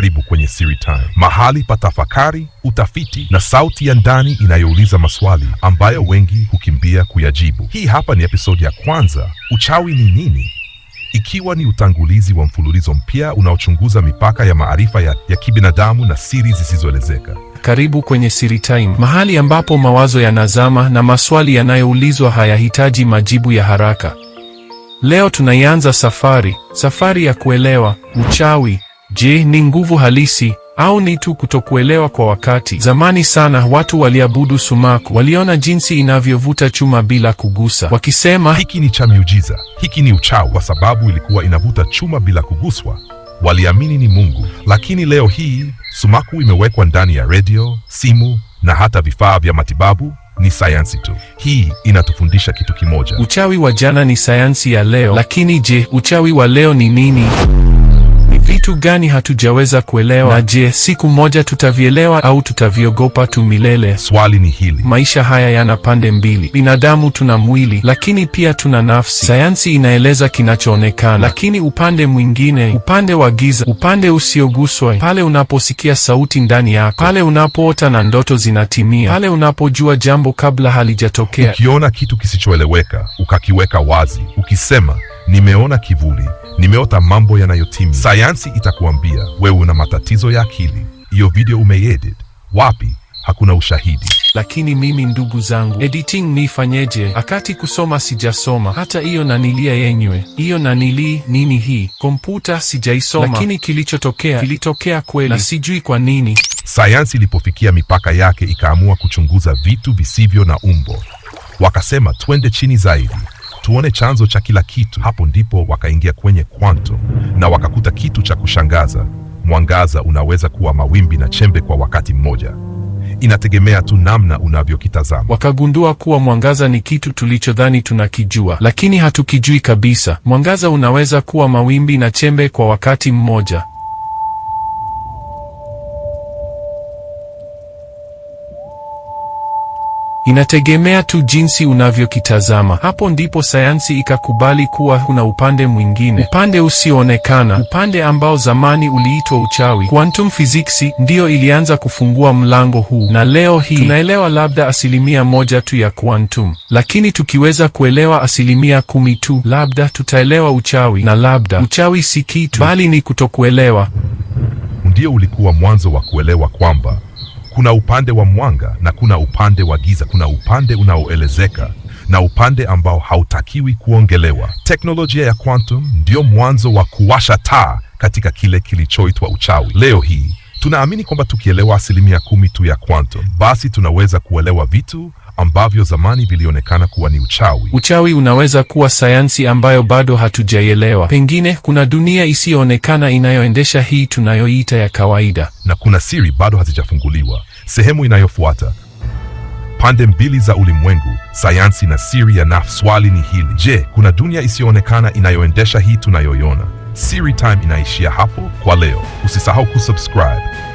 Karibu kwenye Siri Time, mahali pa tafakari, utafiti na sauti ya ndani inayouliza maswali ambayo wengi hukimbia kuyajibu. Hii hapa ni episodi ya kwanza, uchawi ni nini, ikiwa ni utangulizi wa mfululizo mpya unaochunguza mipaka ya maarifa ya, ya kibinadamu na siri zisizoelezeka. Karibu kwenye Siri Time, mahali ambapo mawazo yanazama na maswali yanayoulizwa hayahitaji majibu ya haraka. Leo tunaianza safari, safari ya kuelewa uchawi Je, ni nguvu halisi au ni tu kutokuelewa kwa wakati? Zamani sana watu waliabudu sumaku, waliona jinsi inavyovuta chuma bila kugusa, wakisema hiki ni cha miujiza, hiki ni uchawi. Kwa sababu ilikuwa inavuta chuma bila kuguswa, waliamini ni Mungu. Lakini leo hii sumaku imewekwa ndani ya redio, simu na hata vifaa vya matibabu. Ni sayansi tu. Hii inatufundisha kitu kimoja: uchawi wa jana ni sayansi ya leo. Lakini je, uchawi wa leo ni nini? kitu gani hatujaweza kuelewa? Na je, siku moja tutavielewa au tutaviogopa tu milele? Swali ni hili. Maisha haya yana pande mbili. Binadamu tuna mwili, lakini pia tuna nafsi. Sayansi inaeleza kinachoonekana, lakini upande mwingine, upande wa giza, upande usioguswa, pale unaposikia sauti ndani yako, pale unapoota na ndoto zinatimia, pale unapojua jambo kabla halijatokea, ukiona kitu kisichoeleweka ukakiweka wazi, ukisema nimeona kivuli Nimeota mambo yanayotimia. Sayansi itakuambia wewe una matatizo ya akili. Hiyo video umeedit wapi? Hakuna ushahidi. Lakini mimi ndugu zangu, editing nifanyeje? Akati kusoma sijasoma hata hiyo nanilia yenywe hiyo nanili nini hii kompyuta sijaisoma, lakini kilichotokea kilitokea kweli, na sijui kwa nini. Sayansi ilipofikia mipaka yake, ikaamua kuchunguza vitu visivyo na umbo, wakasema twende chini zaidi tuone chanzo cha kila kitu. Hapo ndipo wakaingia kwenye kwanto na wakakuta kitu cha kushangaza. Mwangaza unaweza kuwa mawimbi na chembe kwa wakati mmoja, inategemea tu namna unavyokitazama. Wakagundua kuwa mwangaza ni kitu tulichodhani tunakijua, lakini hatukijui kabisa. Mwangaza unaweza kuwa mawimbi na chembe kwa wakati mmoja. Inategemea tu jinsi unavyokitazama. Hapo ndipo sayansi ikakubali kuwa kuna upande mwingine, upande usioonekana, upande ambao zamani uliitwa uchawi. Quantum physics ndiyo ilianza kufungua mlango huu, na leo hii tunaelewa labda asilimia moja tu ya quantum, lakini tukiweza kuelewa asilimia kumi tu, labda tutaelewa uchawi, na labda uchawi si kitu bali ni kutokuelewa. Ndio ulikuwa mwanzo wa kuelewa kwamba kuna upande wa mwanga na kuna upande wa giza. Kuna upande unaoelezeka na upande ambao hautakiwi kuongelewa. Teknolojia ya quantum ndio mwanzo wa kuwasha taa katika kile kilichoitwa uchawi. Leo hii tunaamini kwamba tukielewa asilimia kumi tu ya quantum, basi tunaweza kuelewa vitu ambavyo zamani vilionekana kuwa ni uchawi. Uchawi unaweza kuwa sayansi ambayo bado hatujaielewa. Pengine kuna dunia isiyoonekana inayoendesha hii tunayoiita ya kawaida, na kuna siri bado hazijafunguliwa. Sehemu inayofuata pande mbili za ulimwengu, sayansi na siri ya nafsi. Swali ni hili: je, kuna dunia isiyoonekana inayoendesha hii tunayoiona? Siri Time inaishia hapo kwa leo. Usisahau kusubscribe.